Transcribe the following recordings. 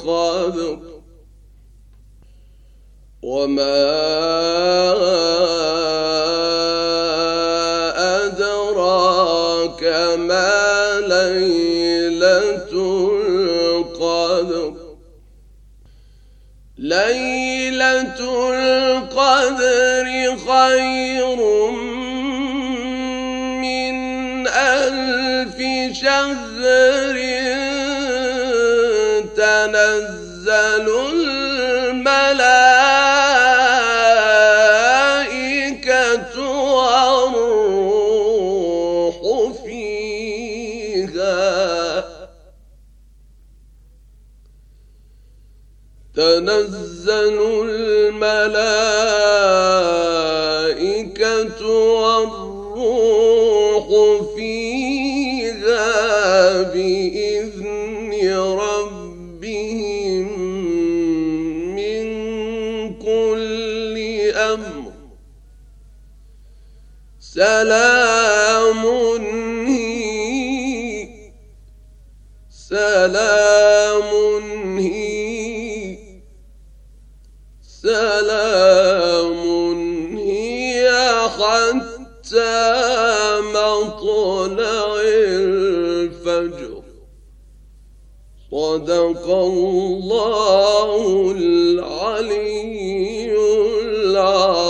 قبل وما أدراك ما ليلة القدر ليلة القدر خير سلام هي سلام هي سلام هي حتى مطلع الفجر صدق الله العلي العظيم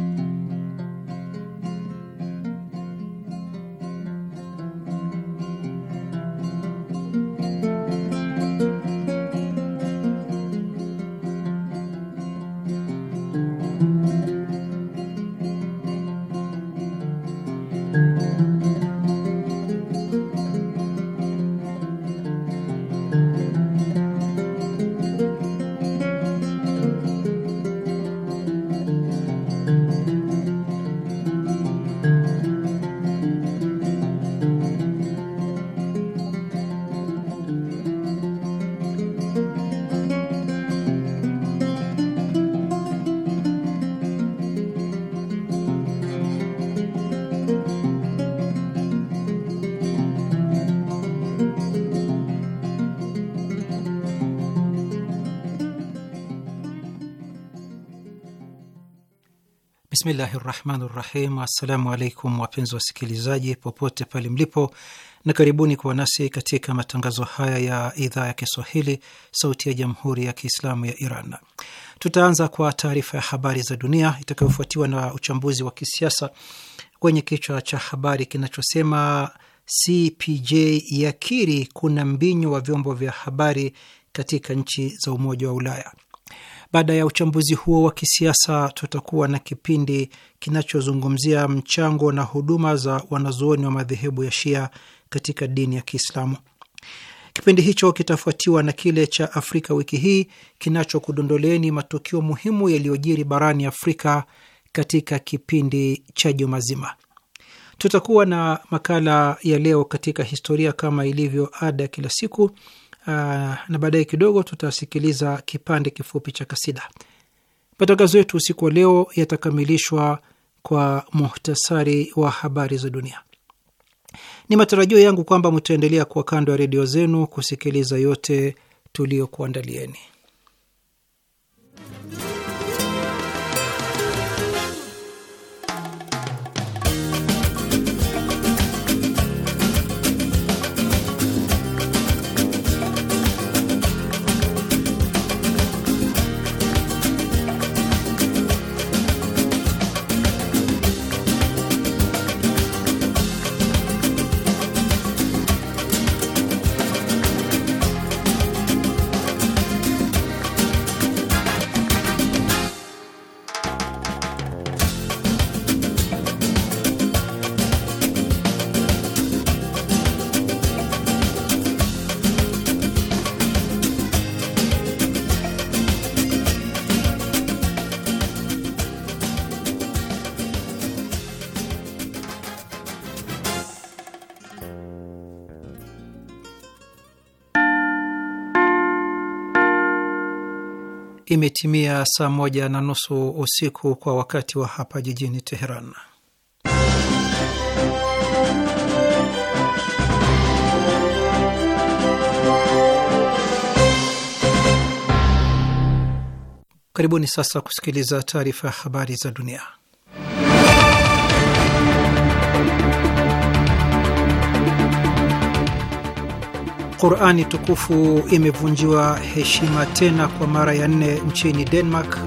Bismillahi rahmani rahim. Assalamu alaikum wapenzi wasikilizaji popote pale mlipo, na karibuni kuwa nasi katika matangazo haya ya idhaa ya Kiswahili sauti ya jamhuri ya Kiislamu ya Iran. Tutaanza kwa taarifa ya habari za dunia itakayofuatiwa na uchambuzi wa kisiasa kwenye kichwa cha habari kinachosema CPJ yakiri kuna mbinyo wa vyombo vya habari katika nchi za Umoja wa Ulaya. Baada ya uchambuzi huo wa kisiasa, tutakuwa na kipindi kinachozungumzia mchango na huduma za wanazuoni wa madhehebu ya Shia katika dini ya Kiislamu. Kipindi hicho kitafuatiwa na kile cha Afrika wiki hii kinachokudondoleeni matukio muhimu yaliyojiri barani Afrika katika kipindi cha juma zima. Tutakuwa na makala ya leo katika historia kama ilivyo ada kila siku, Ah, na baadaye kidogo tutasikiliza kipande kifupi cha kasida. Matangazo yetu usiku wa leo yatakamilishwa kwa muhtasari wa habari za dunia. Ni matarajio yangu kwamba mtaendelea kuwa kando ya redio zenu kusikiliza yote tuliyokuandalieni. imetimia saa moja na nusu usiku kwa wakati wa hapa jijini Teheran. Karibuni sasa kusikiliza taarifa ya habari za dunia. Qurani tukufu imevunjiwa heshima tena kwa mara ya nne nchini Denmark.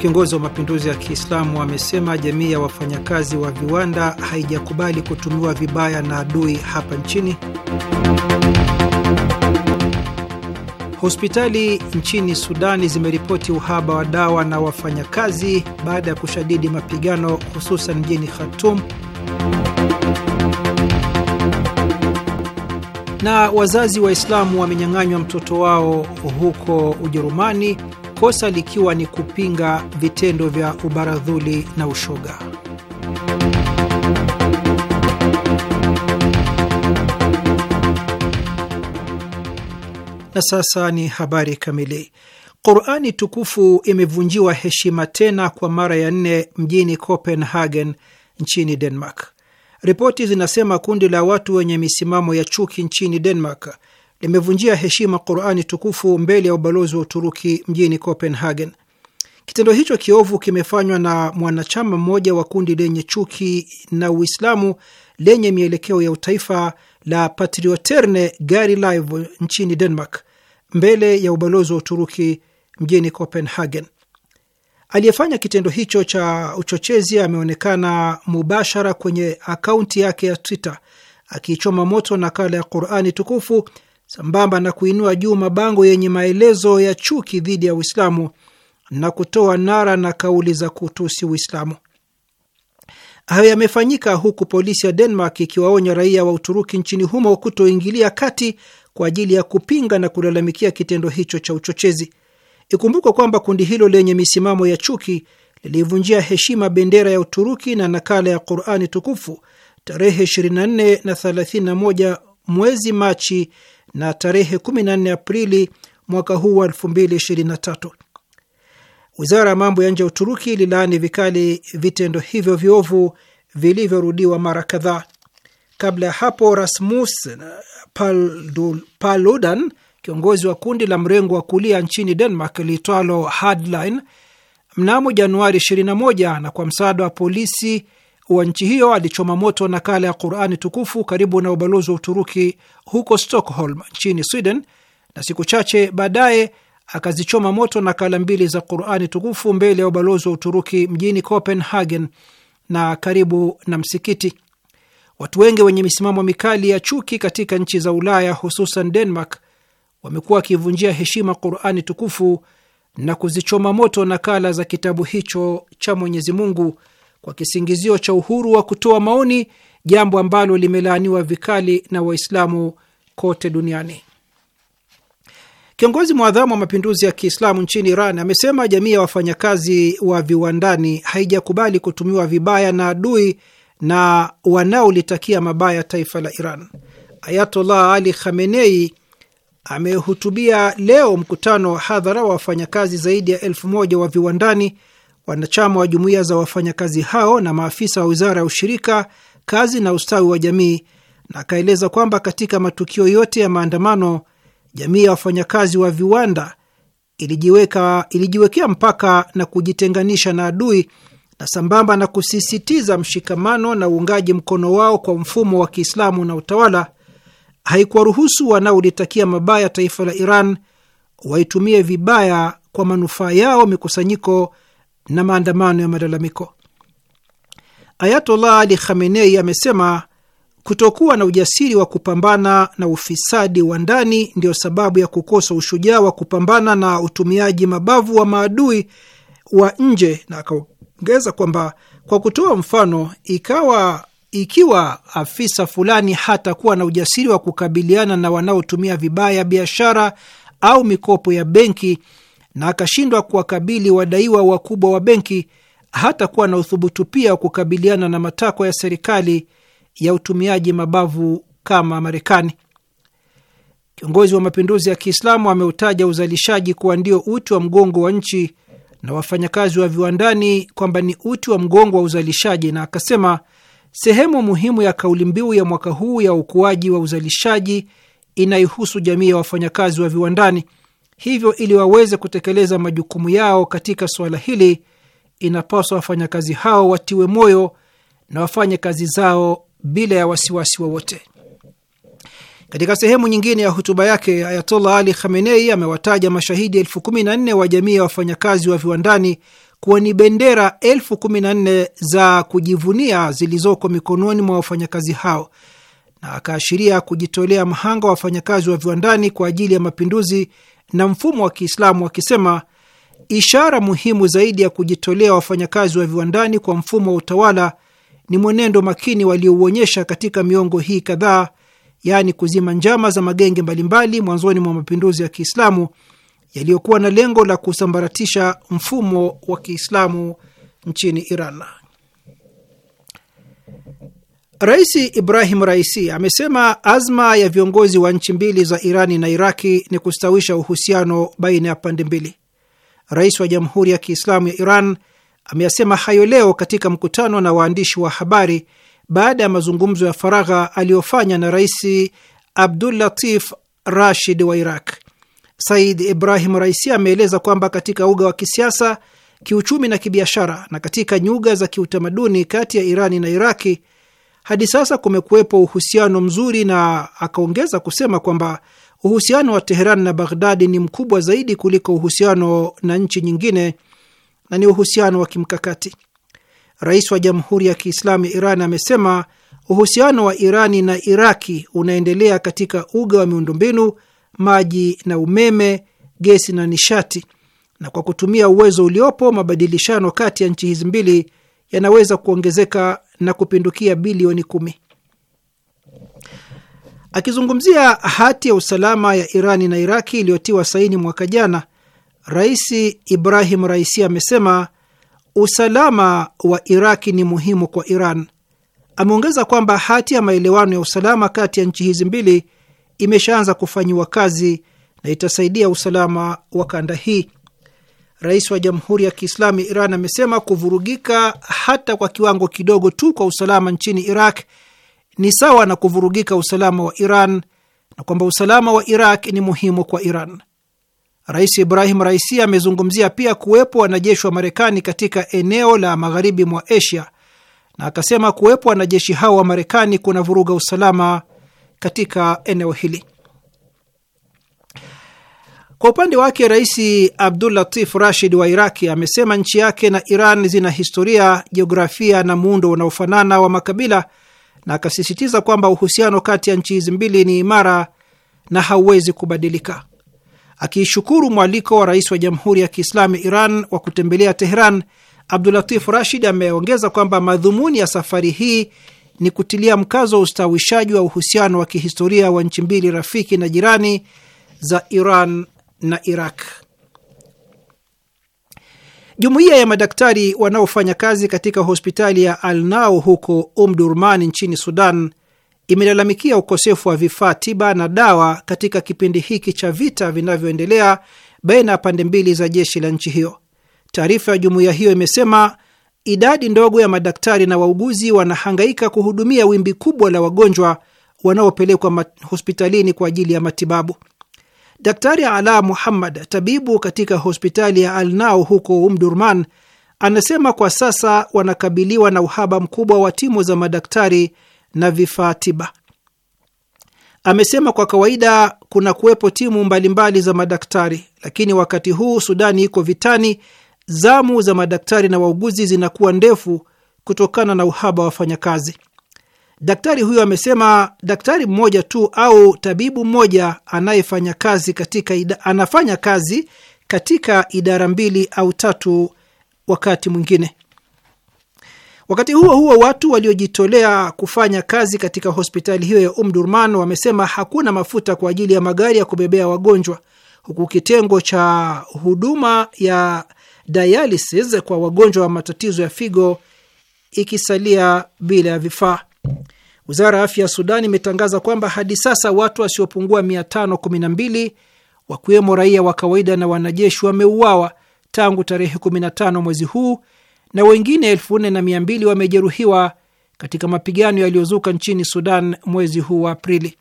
Kiongozi wa mapinduzi ya Kiislamu amesema jamii ya wafanyakazi wa viwanda haijakubali kutumiwa vibaya na adui hapa nchini. Hospitali nchini Sudani zimeripoti uhaba wa dawa na wafanyakazi baada ya kushadidi mapigano hususan mjini Khartoum. na wazazi Waislamu wamenyang'anywa mtoto wao huko Ujerumani, kosa likiwa ni kupinga vitendo vya ubaradhuli na ushoga. Na sasa ni habari kamili. Qurani tukufu imevunjiwa heshima tena kwa mara ya nne mjini Copenhagen nchini Denmark. Ripoti zinasema kundi la watu wenye misimamo ya chuki nchini Denmark limevunjia heshima Qurani tukufu mbele ya ubalozi wa Uturuki mjini Copenhagen. Kitendo hicho kiovu kimefanywa na mwanachama mmoja wa kundi lenye chuki na Uislamu lenye mielekeo ya utaifa la Patrioterne Gari Live nchini Denmark, mbele ya ubalozi wa Uturuki mjini Copenhagen. Aliyefanya kitendo hicho cha uchochezi ameonekana mubashara kwenye akaunti yake ya Twitter akiichoma moto nakala ya Qurani tukufu sambamba na kuinua juu mabango yenye maelezo ya chuki dhidi ya Uislamu na kutoa nara na kauli za kutusi Uislamu. Hayo yamefanyika huku polisi ya Denmark ikiwaonya raia wa Uturuki nchini humo kutoingilia kati kwa ajili ya kupinga na kulalamikia kitendo hicho cha uchochezi. Ikumbukwe kwamba kundi hilo lenye misimamo ya chuki lilivunjia heshima bendera ya Uturuki na nakala ya Qurani tukufu tarehe 24 na 31 mwezi Machi na tarehe 14 Aprili mwaka huu wa 2023. Wizara ya mambo ya nje ya Uturuki ililaani vikali vitendo hivyo viovu vilivyorudiwa mara kadhaa. Kabla ya hapo, Rasmus Paludan kiongozi wa kundi la mrengo wa kulia nchini Denmark liitwalo Hardline mnamo Januari 21 na kwa msaada wa polisi wa nchi hiyo alichoma moto nakala ya Qurani tukufu karibu na ubalozi wa Uturuki huko Stockholm nchini Sweden, na siku chache baadaye akazichoma moto nakala mbili za Qurani tukufu mbele ya ubalozi wa Uturuki mjini Copenhagen na karibu na msikiti. Watu wengi wenye misimamo mikali ya chuki katika nchi za Ulaya, hususan Denmark, wamekuwa wakivunjia heshima Qurani tukufu na kuzichoma moto nakala za kitabu hicho cha Mwenyezi Mungu kwa kisingizio cha uhuru wa kutoa maoni, jambo ambalo limelaaniwa vikali na Waislamu kote duniani. Kiongozi mwadhamu wa mapinduzi ya Kiislamu nchini Iran amesema jamii ya wafanyakazi wa viwandani haijakubali kutumiwa vibaya na adui na wanaolitakia mabaya taifa la Iran. Ayatollah Ali Khamenei amehutubia leo mkutano wa hadhara wa wafanyakazi zaidi ya elfu moja wa viwandani, wanachama wa jumuiya za wafanyakazi hao na maafisa wa wizara ya ushirika, kazi na ustawi wa jamii, na akaeleza kwamba katika matukio yote ya maandamano, jamii ya wafanyakazi wa viwanda ilijiweka, ilijiwekea mpaka na kujitenganisha na adui na sambamba na kusisitiza mshikamano na uungaji mkono wao kwa mfumo wa Kiislamu na utawala haikuwaruhusu wanaolitakia mabaya taifa la Iran waitumie vibaya kwa manufaa yao mikusanyiko na maandamano ya malalamiko. Ayatollah Ali Khamenei amesema kutokuwa na ujasiri wa kupambana na ufisadi wa ndani ndiyo sababu ya kukosa ushujaa wa kupambana na utumiaji mabavu wa maadui wa nje, na akaongeza kwamba kwa kutoa mfano, ikawa ikiwa afisa fulani hatakuwa na ujasiri wa kukabiliana na wanaotumia vibaya biashara au mikopo ya benki na akashindwa kuwakabili wadaiwa wakubwa wa benki, hatakuwa na uthubutu pia wa kukabiliana na matakwa ya serikali ya utumiaji mabavu kama Marekani. Kiongozi wa mapinduzi ya Kiislamu ameutaja uzalishaji kuwa ndio uti wa mgongo wa nchi na wafanyakazi wa viwandani kwamba ni uti wa mgongo wa uzalishaji, na akasema Sehemu muhimu ya kauli mbiu ya mwaka huu ya ukuaji wa uzalishaji inaihusu jamii ya wafanyakazi wa viwandani. Hivyo, ili waweze kutekeleza majukumu yao katika suala hili, inapaswa wafanyakazi hao watiwe moyo na wafanye kazi zao bila ya wasiwasi wowote. Katika sehemu nyingine ya hotuba yake, Ayatollah Ali Khamenei amewataja mashahidi elfu kumi na nne wa jamii ya wafanyakazi wa viwandani kuwa ni bendera elfu kumi na nne za kujivunia zilizoko mikononi mwa wafanyakazi hao na akaashiria kujitolea mhanga wa wafanyakazi wa viwandani kwa ajili ya mapinduzi na mfumo wa Kiislamu akisema ishara muhimu zaidi ya kujitolea wafanyakazi wa viwandani kwa mfumo wa utawala ni mwenendo makini waliouonyesha katika miongo hii kadhaa, yaani kuzima njama za magenge mbalimbali mwanzoni mwa mapinduzi ya Kiislamu yaliyokuwa na lengo la kusambaratisha mfumo wa Kiislamu nchini Iran. Rais Ibrahim Raisi amesema azma ya viongozi wa nchi mbili za Irani na Iraki ni kustawisha uhusiano baina ya pande mbili. Rais wa Jamhuri ya Kiislamu ya Iran ameyasema hayo leo katika mkutano na waandishi wa habari baada ya mazungumzo ya faragha aliyofanya na Rais Abdul Latif Rashid wa Iraq. Said Ibrahim Raisi ameeleza kwamba katika uga wa kisiasa, kiuchumi na kibiashara na katika nyuga za kiutamaduni kati ya Irani na Iraki hadi sasa kumekuwepo uhusiano mzuri, na akaongeza kusema kwamba uhusiano wa Teheran na Baghdadi ni mkubwa zaidi kuliko uhusiano na nchi nyingine na ni uhusiano wa kimkakati. Rais wa Jamhuri ya Kiislamu ya Iran amesema uhusiano wa Irani na Iraki unaendelea katika uga wa miundombinu maji na umeme, gesi na nishati, na kwa kutumia uwezo uliopo, mabadilishano kati ya nchi hizi mbili yanaweza kuongezeka na kupindukia bilioni kumi. Akizungumzia hati ya usalama ya Irani na Iraki iliyotiwa saini mwaka jana, Rais Ibrahim Raisi amesema usalama wa Iraki ni muhimu kwa Iran. Ameongeza kwamba hati ya maelewano ya usalama kati ya nchi hizi mbili imeshaanza kufanyiwa kazi na itasaidia usalama wa kanda hii. Rais wa Jamhuri ya Kiislamu Iran amesema kuvurugika hata kwa kiwango kidogo tu kwa usalama nchini Iraq ni sawa na kuvurugika usalama wa Iran na kwamba usalama wa Iraq ni muhimu kwa Iran. Rais Ibrahim Raisi amezungumzia pia kuwepo wanajeshi wa Marekani katika eneo la magharibi mwa Asia na akasema kuwepo wanajeshi hao wa Marekani kuna vuruga usalama katika eneo hili. Kwa upande wake, Rais Abdul Latif Rashid wa Iraki amesema nchi yake na Iran zina historia, jiografia na muundo unaofanana wa makabila, na akasisitiza kwamba uhusiano kati ya nchi hizi mbili ni imara na hauwezi kubadilika. Akiishukuru mwaliko wa rais wa Jamhuri ya Kiislamu Iran wa kutembelea Teheran, Abdulatif Rashid ameongeza kwamba madhumuni ya safari hii ni kutilia mkazo wa ustawishaji wa uhusiano wa kihistoria wa nchi mbili rafiki na jirani za Iran na Iraq. Jumuiya ya madaktari wanaofanya kazi katika hospitali ya Al-Nau huko Umdurman nchini Sudan imelalamikia ukosefu wa vifaa tiba na dawa katika kipindi hiki cha vita vinavyoendelea baina ya pande mbili za jeshi la nchi hiyo. Taarifa ya jumuiya hiyo imesema idadi ndogo ya madaktari na wauguzi wanahangaika kuhudumia wimbi kubwa la wagonjwa wanaopelekwa hospitalini kwa ajili ya matibabu. Daktari Ala Muhammad, tabibu katika hospitali ya Alnau huko Umdurman, anasema kwa sasa wanakabiliwa na uhaba mkubwa wa timu za madaktari na vifaa tiba. Amesema kwa kawaida kuna kuwepo timu mbalimbali za madaktari, lakini wakati huu Sudani iko vitani zamu za madaktari na wauguzi zinakuwa ndefu kutokana na uhaba wa wafanyakazi. Daktari huyo amesema daktari mmoja tu au tabibu mmoja anayefanya kazi katika ida, anafanya kazi katika idara mbili au tatu wakati mwingine. Wakati huo huo, watu waliojitolea kufanya kazi katika hospitali hiyo ya Umdurman wamesema hakuna mafuta kwa ajili ya magari ya kubebea wagonjwa, huku kitengo cha huduma ya dialysis kwa wagonjwa wa matatizo ya figo ikisalia bila ya vifaa. Wizara ya afya ya Sudan imetangaza kwamba hadi sasa watu wasiopungua 512 wakiwemo raia wa kawaida na wanajeshi wameuawa tangu tarehe 15 mwezi huu na wengine 4200 wamejeruhiwa katika mapigano yaliyozuka nchini Sudan mwezi huu wa Aprili.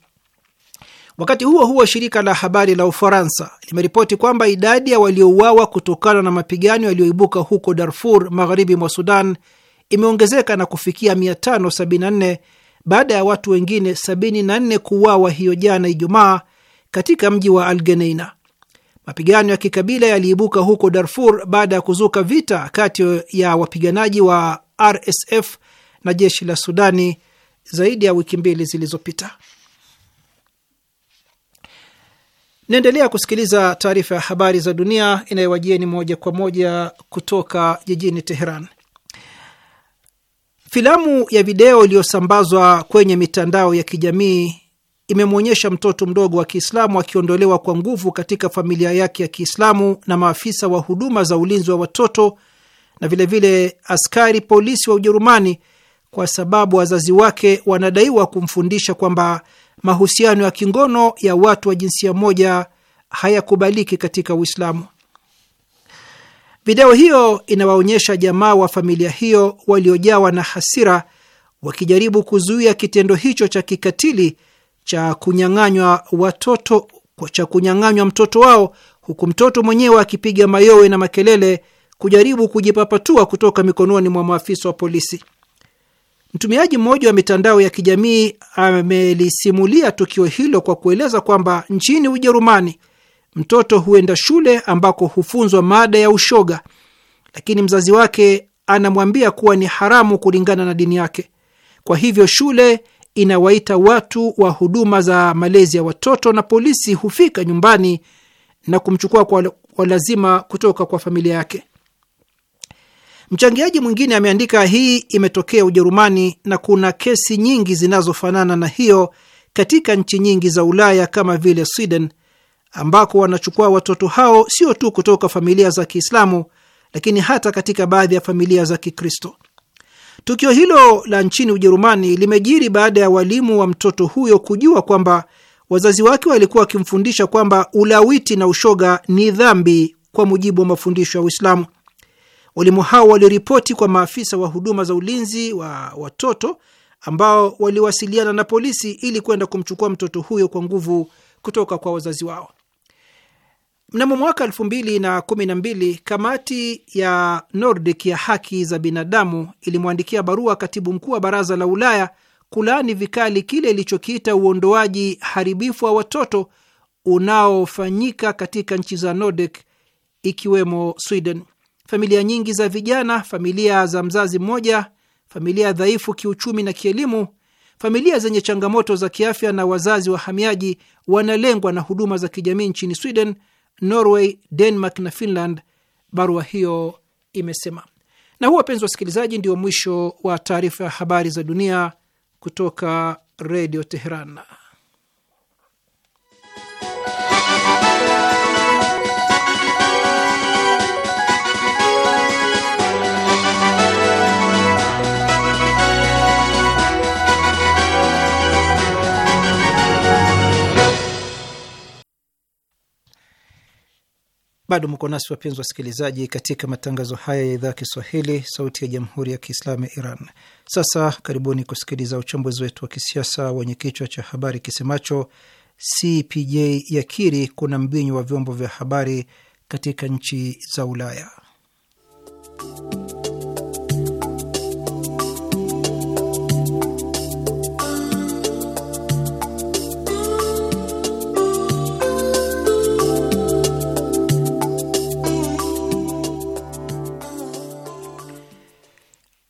Wakati huo huo, shirika la habari la Ufaransa limeripoti kwamba idadi ya waliouawa kutokana na mapigano yaliyoibuka huko Darfur, magharibi mwa Sudan, imeongezeka na kufikia 574 baada ya watu wengine 74 kuuawa hiyo jana Ijumaa katika mji wa Algeneina. Mapigano ya kikabila yaliibuka huko Darfur baada ya kuzuka vita kati ya wapiganaji wa RSF na jeshi la Sudani zaidi ya wiki mbili zilizopita. naendelea kusikiliza taarifa ya habari za dunia inayowajieni moja kwa moja kutoka jijini Teheran. Filamu ya video iliyosambazwa kwenye mitandao ya kijamii imemwonyesha mtoto mdogo wa Kiislamu akiondolewa kwa nguvu katika familia yake ya Kiislamu na maafisa wa huduma za ulinzi wa watoto na vilevile vile askari polisi wa Ujerumani kwa sababu wazazi wake wanadaiwa kumfundisha kwamba mahusiano ya kingono ya watu wa jinsia moja hayakubaliki katika Uislamu. Video hiyo inawaonyesha jamaa wa familia hiyo waliojawa na hasira wakijaribu kuzuia kitendo hicho cha kikatili cha kunyang'anywa watoto cha kunyang'anywa mtoto wao, huku mtoto mwenyewe akipiga mayowe na makelele kujaribu kujipapatua kutoka mikononi mwa maafisa wa polisi. Mtumiaji mmoja wa mitandao ya kijamii amelisimulia tukio hilo kwa kueleza kwamba nchini Ujerumani mtoto huenda shule ambako hufunzwa mada ya ushoga, lakini mzazi wake anamwambia kuwa ni haramu kulingana na dini yake. Kwa hivyo shule inawaita watu wa huduma za malezi ya watoto na polisi hufika nyumbani na kumchukua kwa lazima kutoka kwa familia yake. Mchangiaji mwingine ameandika, hii imetokea Ujerumani na kuna kesi nyingi zinazofanana na hiyo katika nchi nyingi za Ulaya kama vile Sweden, ambako wanachukua watoto hao sio tu kutoka familia za Kiislamu, lakini hata katika baadhi ya familia za Kikristo. Tukio hilo la nchini Ujerumani limejiri baada ya walimu wa mtoto huyo kujua kwamba wazazi wake walikuwa wakimfundisha kwamba ulawiti na ushoga ni dhambi kwa mujibu wa mafundisho ya Uislamu. Walimu hao waliripoti kwa maafisa wa huduma za ulinzi wa watoto ambao waliwasiliana na polisi ili kwenda kumchukua mtoto huyo kwa nguvu kutoka kwa wazazi wao. Mnamo mwaka elfu mbili na kumi na mbili kamati ya Nordic ya haki za binadamu ilimwandikia barua katibu mkuu wa baraza la Ulaya kulaani vikali kile ilichokiita uondoaji haribifu wa watoto unaofanyika katika nchi za Nordic ikiwemo Sweden familia nyingi za vijana, familia za mzazi mmoja, familia dhaifu kiuchumi na kielimu, familia zenye changamoto za kiafya na wazazi wahamiaji wanalengwa na huduma za kijamii nchini Sweden, Norway, Denmark na Finland, barua hiyo imesema. Na huu, wapenzi wasikilizaji, ndio mwisho wa taarifa ya habari za dunia kutoka Redio Teheran. Bado mko nasi wapenzi wasikilizaji, katika matangazo haya ya idhaa Kiswahili sauti ya jamhuri ya kiislamu ya Iran. Sasa karibuni kusikiliza uchambuzi wetu wa kisiasa wenye kichwa cha habari kisemacho CPJ yakiri kuna mbinyo wa vyombo vya habari katika nchi za Ulaya.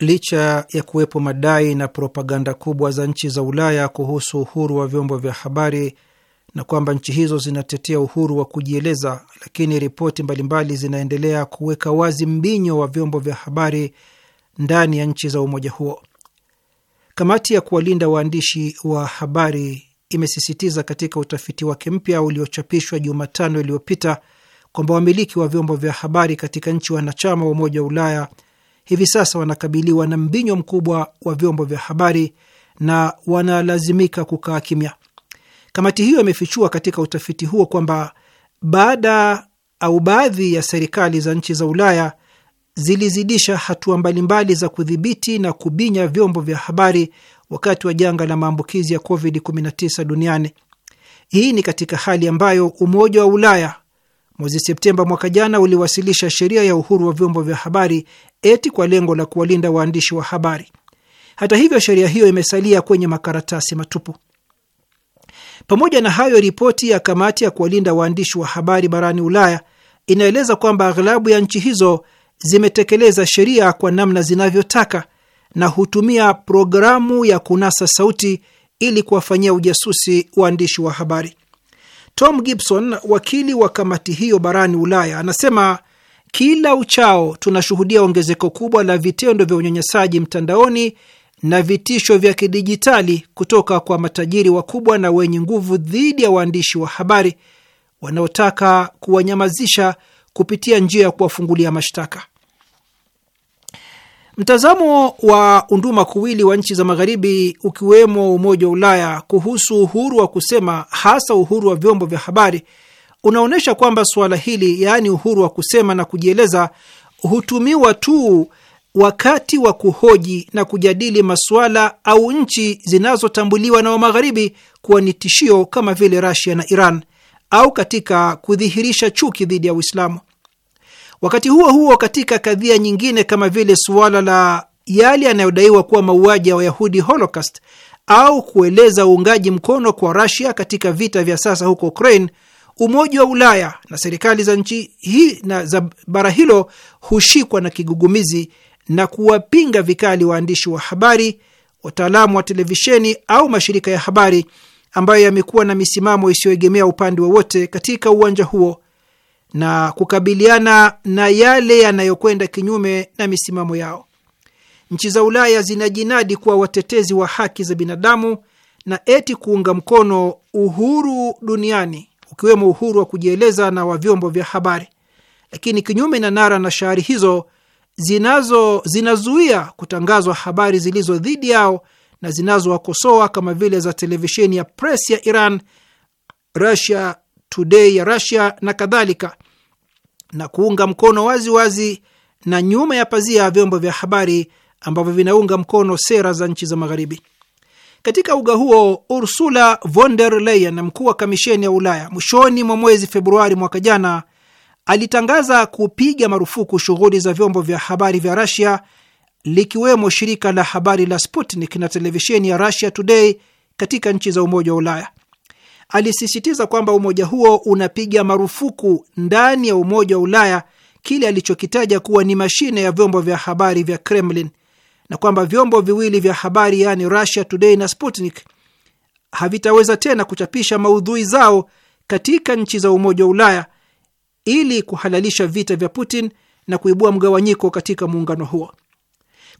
licha ya kuwepo madai na propaganda kubwa za nchi za Ulaya kuhusu uhuru wa vyombo vya habari na kwamba nchi hizo zinatetea uhuru wa kujieleza, lakini ripoti mbalimbali zinaendelea kuweka wazi mbinyo wa vyombo vya habari ndani ya nchi za umoja huo. Kamati ya kuwalinda waandishi wa habari imesisitiza katika utafiti wake mpya uliochapishwa Jumatano iliyopita kwamba wamiliki wa vyombo vya habari katika nchi wanachama wa Umoja wa Ulaya hivi sasa wanakabiliwa na mbinyo mkubwa wa vyombo vya habari na wanalazimika kukaa kimya. Kamati hiyo imefichua katika utafiti huo kwamba baada au baadhi ya serikali za nchi za Ulaya zilizidisha hatua mbalimbali za kudhibiti na kubinya vyombo vya habari wakati wa janga la maambukizi ya COVID-19 duniani. Hii ni katika hali ambayo Umoja wa Ulaya Mwezi Septemba mwaka jana uliwasilisha sheria ya uhuru wa vyombo vya habari eti kwa lengo la kuwalinda waandishi wa habari. Hata hivyo, sheria hiyo imesalia kwenye makaratasi matupu. Pamoja na hayo, ripoti ya kamati ya kuwalinda waandishi wa habari barani Ulaya inaeleza kwamba aghlabu ya nchi hizo zimetekeleza sheria kwa namna zinavyotaka na hutumia programu ya kunasa sauti ili kuwafanyia ujasusi waandishi wa habari. Tom Gibson, wakili wa kamati hiyo barani Ulaya, anasema kila uchao tunashuhudia ongezeko kubwa la vitendo vya unyanyasaji mtandaoni na vitisho vya kidijitali kutoka kwa matajiri wakubwa na wenye nguvu dhidi ya waandishi wa habari wanaotaka kuwanyamazisha kupitia njia ya kuwafungulia mashtaka. Mtazamo wa unduma kuwili wa nchi za Magharibi, ukiwemo Umoja wa Ulaya, kuhusu uhuru wa kusema, hasa uhuru wa vyombo vya habari, unaonyesha kwamba suala hili, yaani uhuru wa kusema na kujieleza, hutumiwa tu wakati wa kuhoji na kujadili masuala au nchi zinazotambuliwa na Wamagharibi kuwa ni tishio kama vile Rasia na Iran, au katika kudhihirisha chuki dhidi ya Uislamu. Wakati huo huo, katika kadhia nyingine kama vile suala la yale yanayodaiwa kuwa mauaji ya Wayahudi Holocaust au kueleza uungaji mkono kwa Russia katika vita vya sasa huko Ukraine, Umoja wa Ulaya na serikali za nchi hii na za bara hilo hushikwa na kigugumizi na kuwapinga vikali waandishi wa habari, wataalamu wa televisheni au mashirika ya habari ambayo yamekuwa na misimamo isiyoegemea upande wowote katika uwanja huo na kukabiliana na yale yanayokwenda kinyume na misimamo yao. Nchi za Ulaya zinajinadi kuwa watetezi wa haki za binadamu na eti kuunga mkono uhuru duniani ukiwemo uhuru wa kujieleza na wa vyombo vya habari, lakini kinyume na nara na shahari hizo zinazo zinazuia kutangazwa habari zilizo dhidi yao na zinazowakosoa kama vile za televisheni ya Press ya Iran, Russia Today ya Russia na kadhalika, na kuunga mkono wazi wazi na nyuma ya pazia ya vyombo vya habari ambavyo vinaunga mkono sera za nchi za Magharibi. Katika uga huo, Ursula von der Leyen, mkuu wa kamisheni ya Ulaya, mwishoni mwa mwezi Februari mwaka jana alitangaza kupiga marufuku shughuli za vyombo vya habari vya Russia likiwemo shirika la habari la Sputnik na televisheni ya Russia Today katika nchi za Umoja wa Ulaya alisisitiza kwamba umoja huo unapiga marufuku ndani ya Umoja wa Ulaya kile alichokitaja kuwa ni mashine ya vyombo vya habari vya Kremlin na kwamba vyombo viwili vya habari yaani Russia Today na Sputnik havitaweza tena kuchapisha maudhui zao katika nchi za Umoja wa Ulaya ili kuhalalisha vita vya Putin na kuibua mgawanyiko katika muungano huo.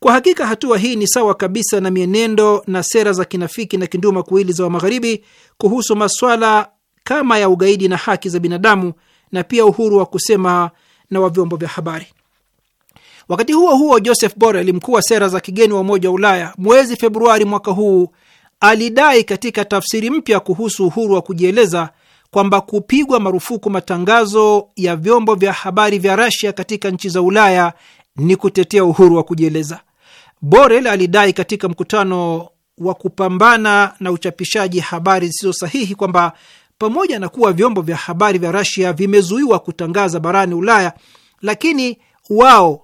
Kwa hakika hatua hii ni sawa kabisa na mienendo na sera za kinafiki na kinduma kuwili za Wamagharibi kuhusu maswala kama ya ugaidi na haki za binadamu na pia uhuru wa kusema na wa vyombo vya habari. Wakati huo huo, Joseph Borrell, mkuu wa sera za kigeni wa Umoja wa Ulaya, mwezi Februari mwaka huu alidai katika tafsiri mpya kuhusu uhuru wa kujieleza kwamba kupigwa marufuku matangazo ya vyombo vya habari vya Russia katika nchi za Ulaya ni kutetea uhuru wa kujieleza. Borel alidai katika mkutano wa kupambana na uchapishaji habari zisizo sahihi kwamba pamoja na kuwa vyombo vya habari vya rasia vimezuiwa kutangaza barani Ulaya, lakini wao,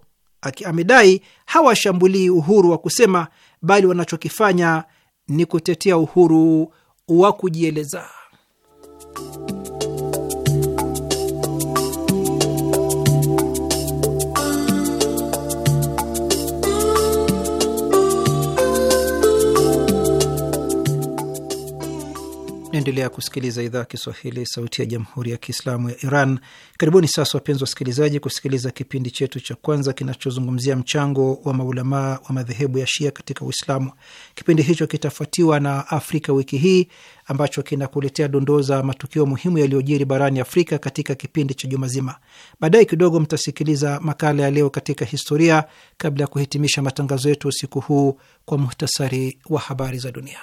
amedai, hawashambulii uhuru wa kusema, bali wanachokifanya ni kutetea uhuru wa kujieleza. Naendelea kusikiliza idhaa ya Kiswahili, sauti ya jamhuri ya kiislamu ya Iran. Karibuni sasa, wapenzi wasikilizaji, kusikiliza kipindi chetu cha kwanza kinachozungumzia mchango wa maulamaa wa madhehebu ya Shia katika Uislamu. Kipindi hicho kitafuatiwa na Afrika wiki hii ambacho kinakuletea dondoo za matukio muhimu yaliyojiri barani Afrika katika kipindi cha juma zima. Baadaye kidogo mtasikiliza makala ya leo katika historia, kabla ya kuhitimisha matangazo yetu usiku huu kwa muhtasari wa habari za dunia.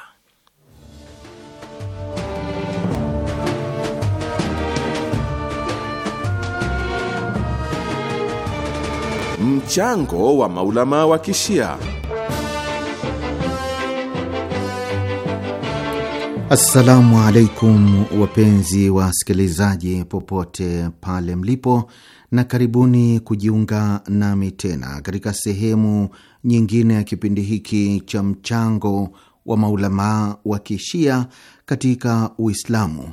Mchango wa maulama wa Kishia. Assalamu alaikum, wapenzi sikilizaji popote pale mlipo, na karibuni kujiunga nami tena katika sehemu nyingine ya kipindi hiki cha mchango wa maulamaa wa Kishia katika Uislamu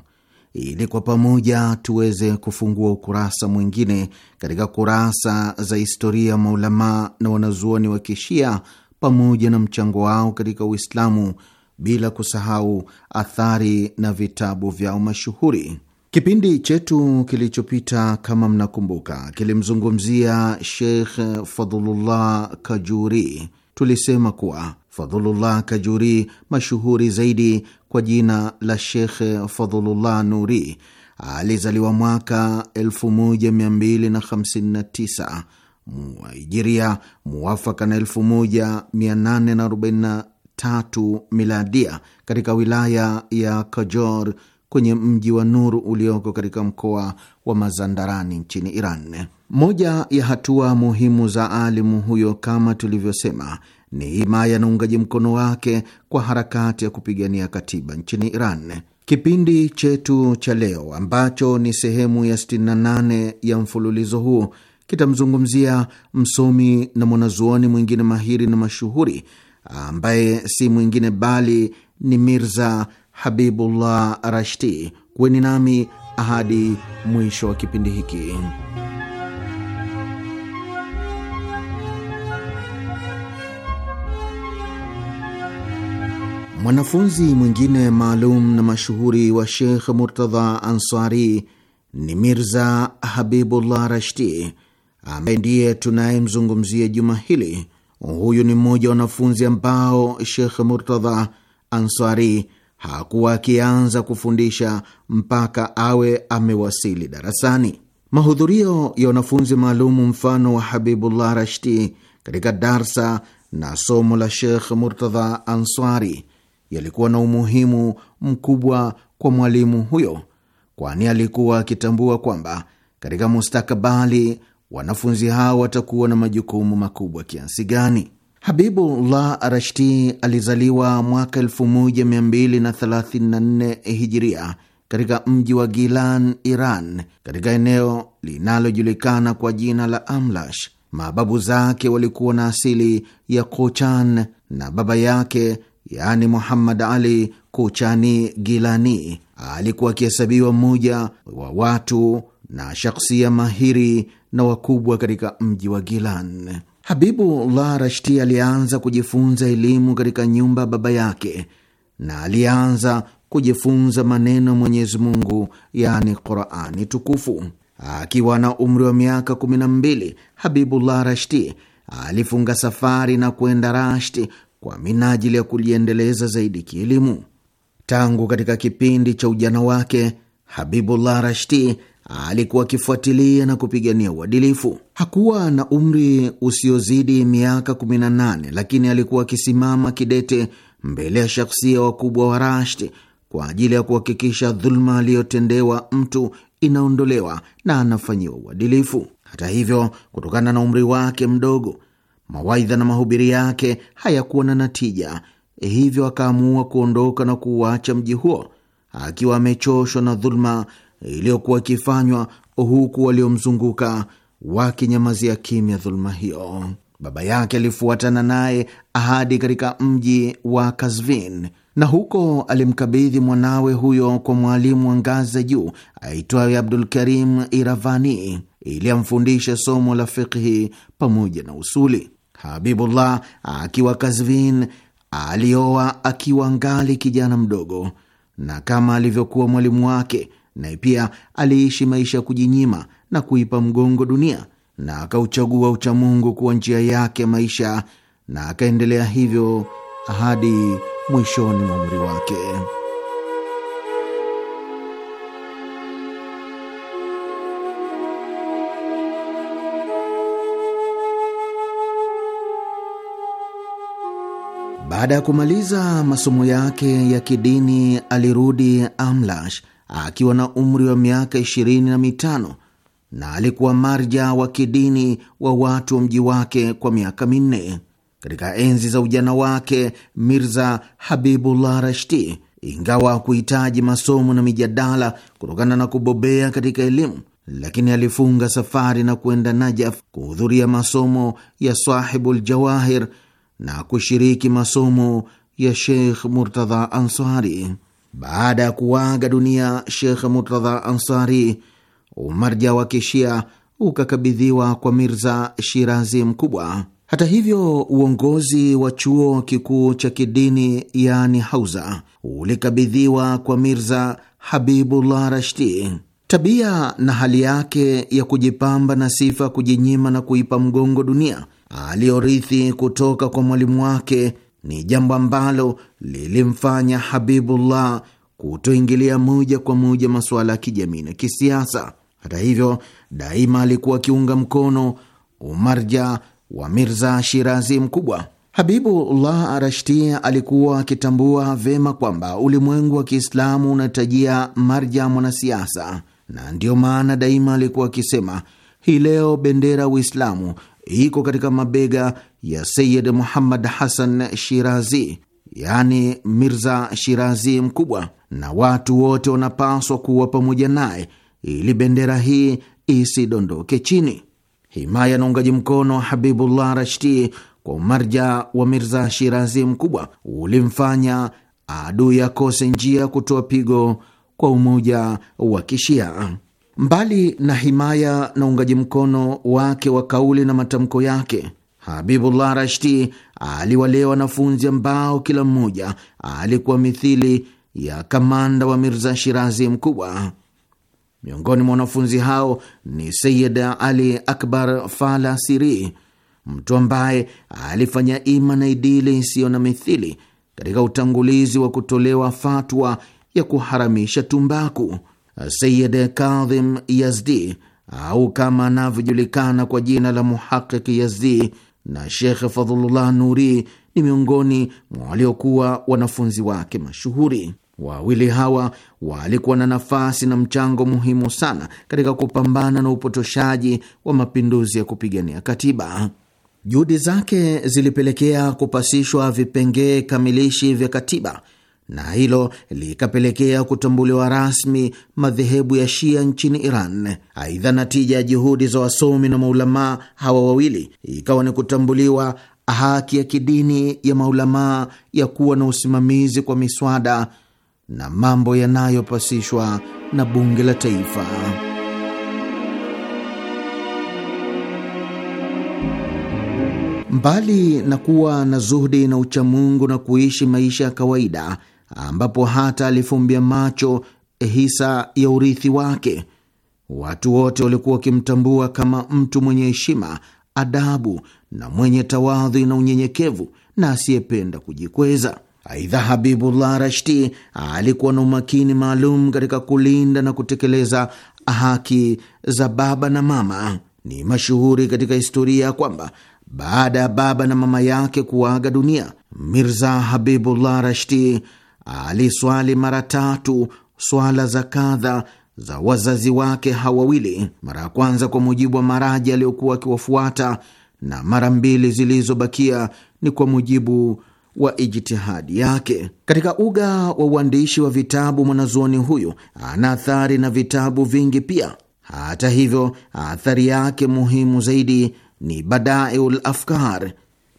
ili kwa pamoja tuweze kufungua ukurasa mwingine katika kurasa za historia ya maulamaa na wanazuoni wa Kishia pamoja na mchango wao katika Uislamu, bila kusahau athari na vitabu vyao mashuhuri. Kipindi chetu kilichopita, kama mnakumbuka, kilimzungumzia Sheikh Fadhulullah Kajuri tulisema kuwa Fadhulullah Kajuri, mashuhuri zaidi kwa jina la Shekhe Fadhulullah Nuri, alizaliwa mwaka 1259 Hijiria muwafaka na 1843 miladia katika wilaya ya Kajor kwenye mji wa Nur ulioko katika mkoa wa Mazandarani nchini Iran. Moja ya hatua muhimu za alimu huyo, kama tulivyosema, ni himaya na uungaji mkono wake kwa harakati ya kupigania katiba nchini Iran. Kipindi chetu cha leo ambacho ni sehemu ya 68 ya mfululizo huu kitamzungumzia msomi na mwanazuoni mwingine mahiri na mashuhuri ambaye si mwingine bali ni Mirza Habibullah Rashti. Kuweni nami ahadi mwisho wa kipindi hiki. Mwanafunzi mwingine maalum na mashuhuri wa Sheikh Murtadha Ansari ni Mirza Habibullah Rashti ambaye ndiye tunayemzungumzia juma hili. Huyu ni mmoja wa wanafunzi ambao Sheikh Murtadha Ansari hakuwa akianza kufundisha mpaka awe amewasili darasani. Mahudhurio ya wanafunzi maalumu mfano wa Habibullah Rashti katika darsa na somo la Sheikh Murtadha Ansari yalikuwa na umuhimu mkubwa kwa mwalimu huyo, kwani alikuwa akitambua kwamba katika mustakabali wanafunzi hao watakuwa na majukumu makubwa kiasi gani. Habibullah Arashti alizaliwa mwaka 1234 Hijiria katika mji wa Gilan, Iran, katika eneo linalojulikana kwa jina la Amlash. Mababu zake walikuwa na asili ya Kochan na baba yake yaani Muhammad Ali Kuchani Gilani alikuwa akihesabiwa mmoja wa watu na shakhsia mahiri na wakubwa katika mji wa Gilan. Habibullah Rashti alianza kujifunza elimu katika nyumba baba yake na alianza kujifunza maneno Mwenyezi Mungu, yaani Qurani Tukufu. Akiwa na umri wa miaka kumi na mbili Habibullah Rashti alifunga safari na kwenda Rashti kwa minajili ya kuliendeleza zaidi kielimu. Tangu katika kipindi cha ujana wake, Habibullah Rashti alikuwa akifuatilia na kupigania uadilifu. Hakuwa na umri usiozidi miaka 18, lakini alikuwa akisimama kidete mbele ya shakhsia wakubwa wa Rashti kwa ajili ya kuhakikisha dhuluma aliyotendewa mtu inaondolewa na anafanyiwa uadilifu. Hata hivyo, kutokana na umri wake mdogo Mawaidha na mahubiri yake hayakuwa na natija, hivyo akaamua kuondoka na kuuacha mji huo akiwa amechoshwa na dhuluma iliyokuwa ikifanywa, huku waliomzunguka wakinyamazia kimya dhuluma hiyo. Baba yake alifuatana naye ahadi katika mji wa kasvin na huko alimkabidhi mwanawe huyo kwa mwalimu wa ngazi za juu aitwaye Abdul Karim Iravani ili amfundishe somo la fikhi pamoja na usuli. Habibullah akiwa Kazvin alioa akiwa ngali kijana mdogo, na kama alivyokuwa mwalimu wake, naye pia aliishi maisha ya kujinyima na kuipa mgongo dunia, na akauchagua uchamungu kuwa njia yake ya maisha, na akaendelea hivyo hadi mwishoni mwa umri wake. Baada ya kumaliza masomo yake ya kidini alirudi Amlash akiwa na umri wa miaka ishirini na mitano na alikuwa marja wa kidini wa watu wa mji wake kwa miaka minne. Katika enzi za ujana wake, Mirza Habibullah Rashti, ingawa kuhitaji masomo na mijadala kutokana na kubobea katika elimu, lakini alifunga safari na kuenda Najaf kuhudhuria masomo ya sahibuljawahir Jawahir na kushiriki masomo ya Sheikh Murtadha Ansari. Baada ya kuwaga dunia Sheikh Murtadha Ansari, umarja wa kishia ukakabidhiwa kwa Mirza Shirazi Mkubwa. Hata hivyo, uongozi wa chuo kikuu cha kidini yaani Hauza ulikabidhiwa kwa Mirza Habibullah Rashti. Tabia na hali yake ya kujipamba na sifa, kujinyima na kuipa mgongo dunia aliyorithi kutoka kwa mwalimu wake ni jambo ambalo lilimfanya Habibullah kutoingilia moja kwa moja masuala ya kijamii na kisiasa. Hata hivyo, daima alikuwa akiunga mkono umarja wa Mirza Shirazi mkubwa. Habibullah rashti alikuwa akitambua vyema kwamba ulimwengu wa Kiislamu unatajia marja mwanasiasa, na ndiyo maana daima alikuwa akisema, hii leo bendera Uislamu iko katika mabega ya Sayid Muhammad Hasan Shirazi, yaani Mirza Shirazi Mkubwa, na watu wote wanapaswa kuwa pamoja naye ili bendera hii isidondoke chini. Himaya na uungaji mkono wa Habibullah Rashti kwa umarja wa Mirza Shirazi Mkubwa ulimfanya adui akose njia kutoa pigo kwa umoja wa Kishia. Mbali na himaya na uungaji mkono wake wa kauli na matamko yake, Habibullah Rashti aliwalea wanafunzi ambao kila mmoja alikuwa mithili ya kamanda wa Mirza Shirazi mkubwa. Miongoni mwa wanafunzi hao ni Sayid Ali Akbar fala siri mtu ambaye alifanya ima na idili isiyo na mithili katika utangulizi wa kutolewa fatwa ya kuharamisha tumbaku. Sayid Kadhim Yazdi au kama anavyojulikana kwa jina la Muhaqiq Yazdi na Shekh Fadhulullah Nuri ni miongoni mwa waliokuwa wanafunzi wake mashuhuri. Wawili hawa walikuwa na nafasi na mchango muhimu sana katika kupambana na upotoshaji wa mapinduzi ya kupigania katiba. Juhudi zake zilipelekea kupasishwa vipengee kamilishi vya katiba na hilo likapelekea kutambuliwa rasmi madhehebu ya Shia nchini Iran. Aidha, natija ya juhudi za wasomi na maulamaa hawa wawili ikawa ni kutambuliwa haki ya kidini ya maulamaa ya kuwa na usimamizi kwa miswada na mambo yanayopasishwa na bunge la taifa. Mbali na kuwa na zuhdi na uchamungu na kuishi maisha ya kawaida ambapo hata alifumbia macho hisa ya urithi wake. Watu wote walikuwa wakimtambua kama mtu mwenye heshima, adabu na mwenye tawadhi na unyenyekevu na asiyependa kujikweza. Aidha, Habibullah Rashti alikuwa na umakini maalum katika kulinda na kutekeleza haki za baba na mama. Ni mashuhuri katika historia ya kwamba baada ya baba na mama yake kuaga dunia, Mirza Habibullah Rashti aliswali mara tatu swala za kadha za wazazi wake hawa wawili, mara ya kwanza kwa mujibu wa maraji aliyokuwa akiwafuata na mara mbili zilizobakia ni kwa mujibu wa ijtihadi yake. Katika uga wa uandishi wa vitabu, mwanazuoni huyu ana athari na vitabu vingi pia. Hata hivyo, athari yake muhimu zaidi ni Badaiul Afkar,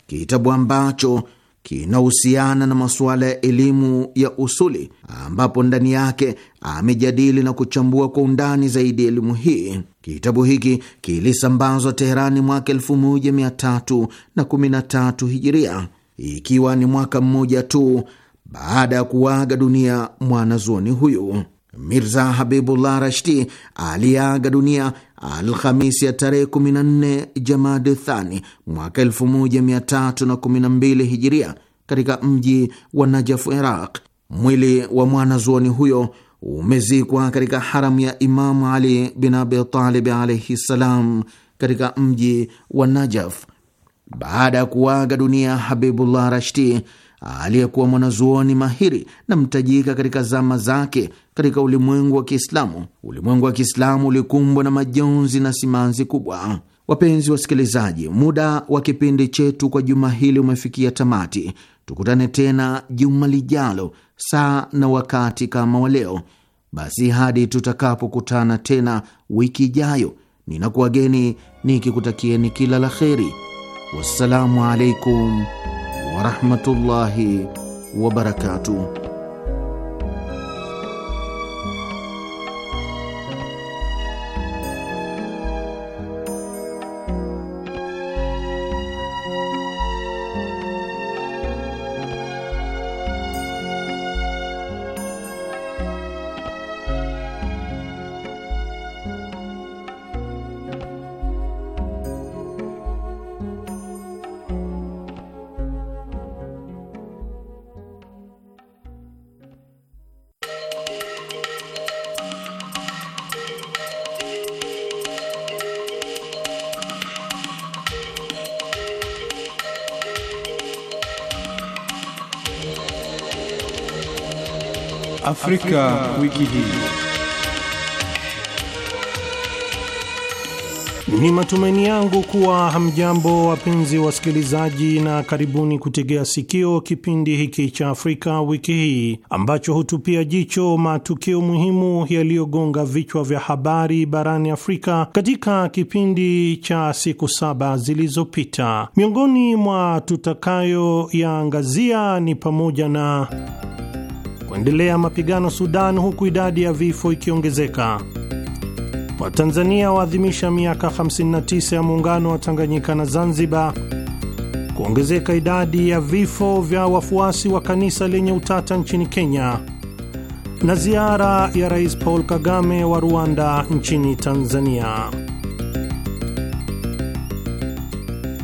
kitabu ambacho kinahusiana na masuala ya elimu ya usuli, ambapo ndani yake amejadili na kuchambua kwa undani zaidi elimu hii. Kitabu hiki kilisambazwa Teherani mwaka 1313 Hijiria, ikiwa ni mwaka mmoja tu baada ya kuaga dunia mwanazuoni huyu. Mirza Habibullah Rashti aliyeaga dunia Alhamisi ya tarehe 14 Jamadi Thani mwaka 1312 Hijiria katika mji wa Najafu, Iraq. Mwili wa mwanazuoni huyo umezikwa katika haramu ya Imamu Ali bin Abi Talib alaihi ssalam katika mji wa Najaf. Baada ya kuaga dunia Habibullah Rashti aliyekuwa mwanazuoni mahiri na mtajika katika zama zake katika ulimwengu wa Kiislamu. Ulimwengu wa Kiislamu ulikumbwa na majonzi na simanzi kubwa. Wapenzi wasikilizaji, muda wa kipindi chetu kwa juma hili umefikia tamati. Tukutane tena juma lijalo, saa na wakati kama wa leo. Basi hadi tutakapokutana tena wiki ijayo, ninakuwageni nikikutakieni kila la kheri. Wassalamu alaikum warahmatullahi wabarakatuh. Afrika, wiki hii. Ni matumaini yangu kuwa hamjambo wapenzi wasikilizaji, na karibuni kutegea sikio kipindi hiki cha Afrika wiki hii ambacho hutupia jicho matukio muhimu yaliyogonga vichwa vya habari barani Afrika katika kipindi cha siku saba zilizopita. Miongoni mwa tutakayoyaangazia ni pamoja na kuendelea mapigano Sudan, huku idadi ya vifo ikiongezeka. Watanzania waadhimisha miaka 59 ya muungano wa Tanganyika na Zanzibar. Kuongezeka idadi ya vifo vya wafuasi wa kanisa lenye utata nchini Kenya, na ziara ya Rais Paul Kagame wa Rwanda nchini Tanzania.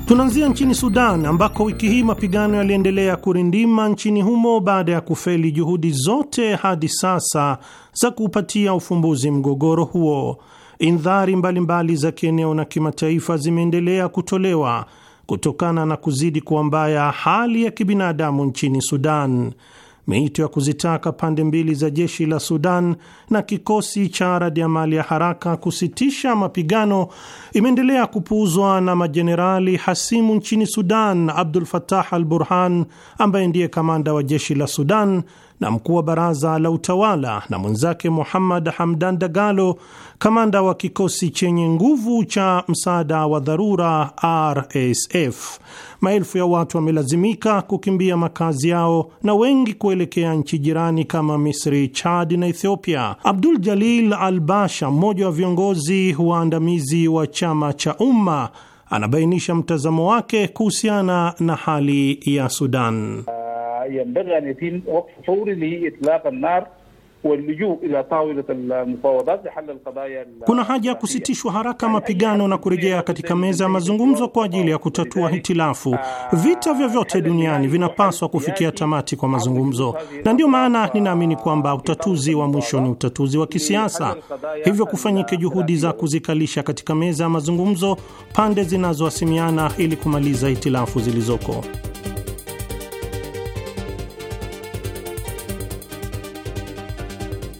Tunaanzia nchini Sudan ambako wiki hii mapigano yaliendelea kurindima nchini humo baada ya kufeli juhudi zote hadi sasa za kuupatia ufumbuzi mgogoro huo. Indhari mbalimbali za kieneo na kimataifa zimeendelea kutolewa kutokana na kuzidi kuwa mbaya hali ya kibinadamu nchini Sudan miito ya kuzitaka pande mbili za jeshi la Sudan na kikosi cha radiamali ya haraka kusitisha mapigano imeendelea kupuuzwa na majenerali hasimu nchini Sudan, Abdul fatah al Burhan ambaye ndiye kamanda wa jeshi la Sudan na mkuu wa baraza la utawala na mwenzake Muhammad Hamdan Dagalo, kamanda wa kikosi chenye nguvu cha msaada wa dharura RSF. Maelfu ya watu wamelazimika kukimbia makazi yao na wengi kuelekea nchi jirani kama Misri, Chad na Ethiopia. Abdul Jalil Al Basha, mmoja wa viongozi waandamizi wa chama cha Umma, anabainisha mtazamo wake kuhusiana na hali ya Sudan. ينبغي أن يتم وقف فوري لإطلاق النار Kuna haja ya kusitishwa haraka mapigano na kurejea katika meza ya mazungumzo kwa ajili ya kutatua hitilafu. Vita vyovyote duniani vinapaswa kufikia tamati kwa mazungumzo, na ndiyo maana ninaamini kwamba utatuzi wa mwisho ni utatuzi wa kisiasa. Hivyo kufanyike juhudi za kuzikalisha katika meza ya mazungumzo pande zinazohasimiana ili kumaliza hitilafu zilizoko.